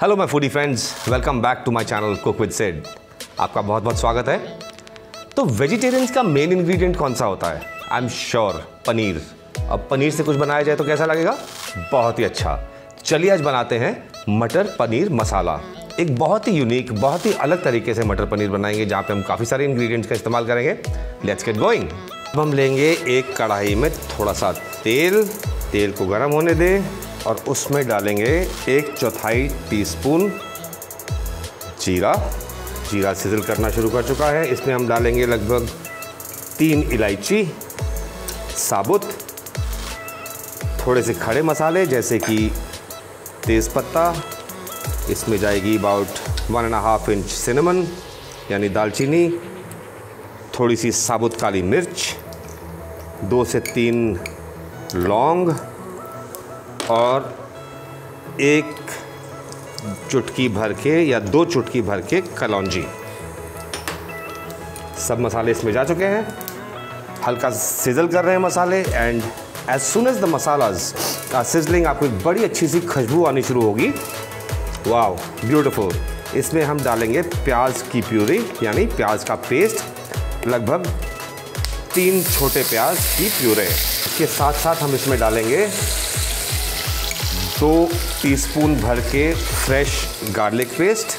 hello my foodie friends welcome back to my channel cook with सेड आपका बहुत बहुत स्वागत है तो वेजिटेरियंस का मेन इंग्रेडिएंट कौन सा होता है आई एम श्योर पनीर अब पनीर से कुछ बनाया जाए तो कैसा लगेगा बहुत ही अच्छा चलिए आज बनाते हैं मटर पनीर मसाला एक बहुत ही यूनिक बहुत ही अलग तरीके से मटर पनीर बनाएंगे जहाँ पे हम काफ़ी सारे इंग्रेडिएंट्स का इस्तेमाल करेंगे लेट्स गेट गोइंग अब हम लेंगे एक कढ़ाई में थोड़ा सा तेल तेल को गर्म होने दें और उसमें डालेंगे एक चौथाई टीस्पून जीरा जीरा सिजल करना शुरू कर चुका है इसमें हम डालेंगे लगभग तीन इलायची साबुत थोड़े से खड़े मसाले जैसे कि तेज़पत्ता इसमें जाएगी about one and half inch cinnamon यानी दालचीनी थोड़ी सी साबुत काली मिर्च दो से तीन लौंग और एक चुटकी भर के या दो चुटकी भर के कलौजी सब मसाले इसमें जा चुके हैं हल्का सिजल कर रहे हैं मसाले and as soon as the masalas sizzling आपको एक बड़ी अच्छी सी खुशबू आनी शुरू होगी वाह ब्यूटिफुल इसमें हम डालेंगे प्याज की प्यूरी यानी प्याज का पेस्ट लगभग तीन छोटे प्याज की प्यूरे के साथ साथ हम इसमें डालेंगे दो टीस्पून भर के फ्रेश गार्लिक पेस्ट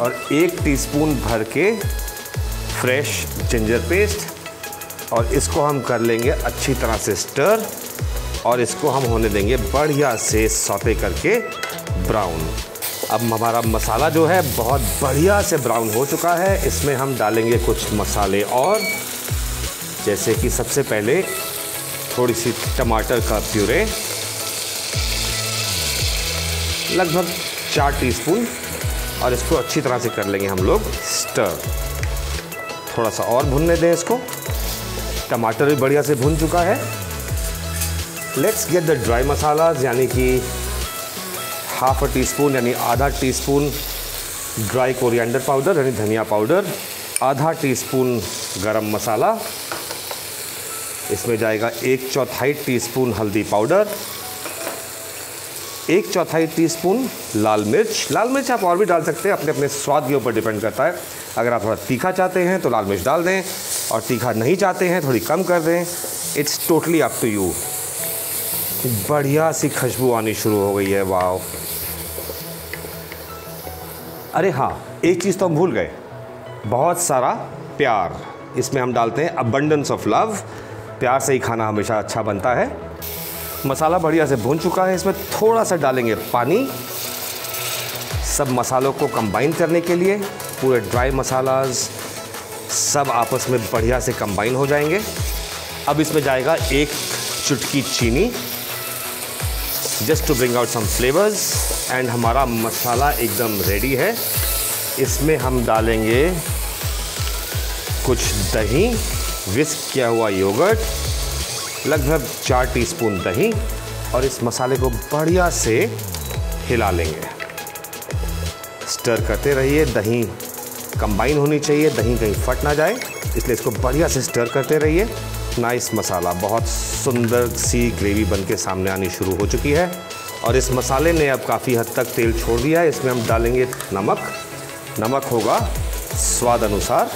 और एक टीस्पून भर के फ्रेश जिंजर पेस्ट और इसको हम कर लेंगे अच्छी तरह से स्टर और इसको हम होने देंगे बढ़िया से सौते करके ब्राउन अब हमारा मसाला जो है बहुत बढ़िया से ब्राउन हो चुका है इसमें हम डालेंगे कुछ मसाले और जैसे कि सबसे पहले थोड़ी सी टमाटर का प्यूरे लगभग चार टीस्पून और इसको अच्छी तरह से कर लेंगे हम लोग स्टर थोड़ा सा और भुनने दें इसको टमाटर भी बढ़िया से भुन चुका है let's get the dry masala यानी कि हाफ अ टी स्पून यानी आधा teaspoon dry coriander powder यानी धनिया पाउडर आधा टी स्पून गरम मसाला इसमें जाएगा एक चौथाई टीस्पून हल्दी पाउडर एक चौथाई टीस्पून लाल मिर्च लाल मिर्च आप और भी डाल सकते हैं अपने अपने स्वाद के ऊपर डिपेंड करता है अगर आप थोड़ा तीखा चाहते हैं तो लाल मिर्च डाल दें और तीखा नहीं चाहते हैं थोड़ी कम कर दें it's totally up to you बढ़िया सी खुशबू आनी शुरू हो गई है वाह अरे हाँ एक चीज़ तो हम भूल गए बहुत सारा प्यार इसमें हम डालते हैं अबंडेंस ऑफ लव प्यार से ही खाना हमेशा अच्छा बनता है मसाला बढ़िया से भून चुका है इसमें थोड़ा सा डालेंगे पानी सब मसालों को कंबाइन करने के लिए पूरे ड्राई मसालाज सब आपस में बढ़िया से कंबाइन हो जाएंगे अब इसमें जाएगा एक चुटकी चीनी just to bring out some flavours and हमारा मसाला एकदम रेडी है इसमें हम डालेंगे कुछ दही विस्क किया हुआ योगर्ट लगभग चार टीस्पून दही और इस मसाले को बढ़िया से हिला लेंगे स्टर करते रहिए दही कंबाइन होनी चाहिए दही कहीं फट ना जाए इसलिए इसको बढ़िया से स्टर करते रहिए नाइस मसाला बहुत सुंदर सी ग्रेवी बन के सामने आनी शुरू हो चुकी है और इस मसाले ने अब काफ़ी हद तक तेल छोड़ दिया है इसमें हम डालेंगे नमक नमक होगा स्वाद अनुसार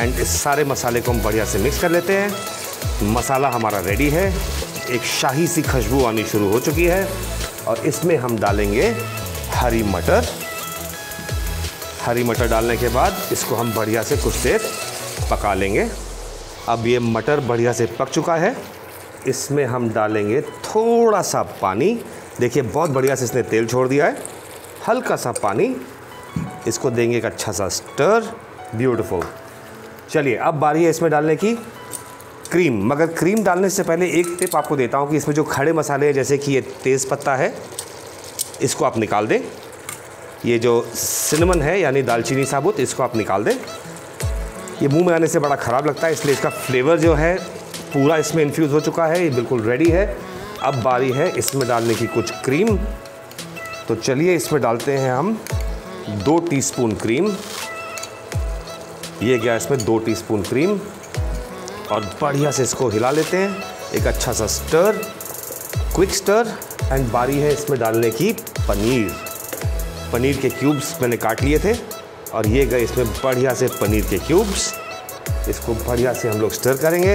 एंड इस सारे मसाले को हम बढ़िया से मिक्स कर लेते हैं मसाला हमारा रेडी है एक शाही सी खुशबू आनी शुरू हो चुकी है और इसमें हम डालेंगे हरी मटर हरी मटर डालने के बाद इसको हम बढ़िया से कुछ देर पका लेंगे अब ये मटर बढ़िया से पक चुका है इसमें हम डालेंगे थोड़ा सा पानी देखिए बहुत बढ़िया से इसने तेल छोड़ दिया है हल्का सा पानी इसको देंगे एक अच्छा सा स्टर ब्यूटीफुल चलिए अब बारी है इसमें डालने की क्रीम मगर क्रीम डालने से पहले एक टिप आपको देता हूँ कि इसमें जो खड़े मसाले हैं जैसे कि ये तेज़ पत्ता है इसको आप निकाल दें ये जो सिनेमन है यानी दालचीनी साबुत इसको आप निकाल दें ये मुंह में आने से बड़ा ख़राब लगता है इसलिए इसका फ्लेवर जो है पूरा इसमें इन्फ्यूज़ हो चुका है ये बिल्कुल रेडी है अब बारी है इसमें डालने की कुछ क्रीम तो चलिए इसमें डालते हैं हम दो टीस्पून क्रीम ये गया इसमें दो टीस्पून क्रीम और बढ़िया से इसको हिला लेते हैं एक अच्छा सा स्टर क्विक स्टर एंड बारी है इसमें डालने की पनीर पनीर के क्यूब्स मैंने काट लिए थे और ये गए इसमें बढ़िया से पनीर के क्यूब्स इसको बढ़िया से हम लोग स्टर करेंगे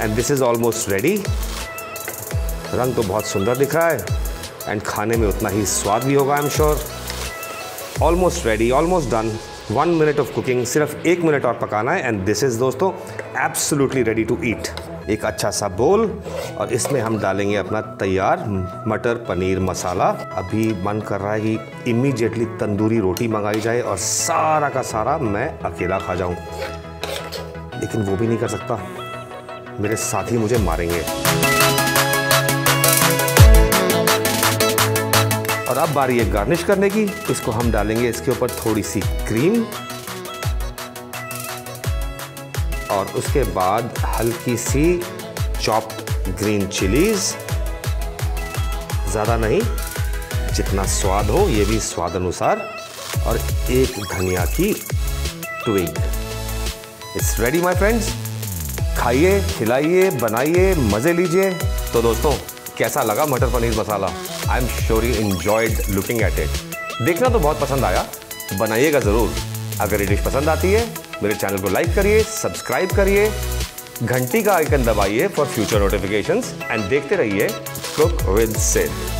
and this is almost ready रंग तो बहुत सुंदर दिख रहा है एंड खाने में उतना ही स्वाद भी होगा I am sure almost ready almost done one minute of cooking सिर्फ एक मिनट और पकाना है एंड दिस इज़ दोस्तों एब्सोल्युटली रेडी टू ईट एक अच्छा सा बोल और इसमें हम डालेंगे अपना तैयार मटर पनीर मसाला अभी मन कर रहा है कि इमीडिएटली तंदूरी रोटी मंगाई जाए और सारा का सारा मैं अकेला खा जाऊं लेकिन वो भी नहीं कर सकता मेरे साथी मुझे मारेंगे और अब बारी है गार्निश करने की इसको हम डालेंगे इसके ऊपर थोड़ी सी क्रीम और उसके बाद हल्की सी चॉप्ड ग्रीन चिलीज ज़्यादा नहीं जितना स्वाद हो ये भी स्वाद अनुसार और एक धनिया की twig it's ready my friends खाइए खिलाइए बनाइए मज़े लीजिए तो दोस्तों कैसा लगा matar paneer masala I am sure you enjoyed looking at it देखना तो बहुत पसंद आया बनाइएगा ज़रूर अगर ये डिश पसंद आती है मेरे चैनल को लाइक करिए सब्सक्राइब करिए घंटी का आइकन दबाइए फॉर फ्यूचर नोटिफिकेशंस एंड देखते रहिए कुक विद सिद्ध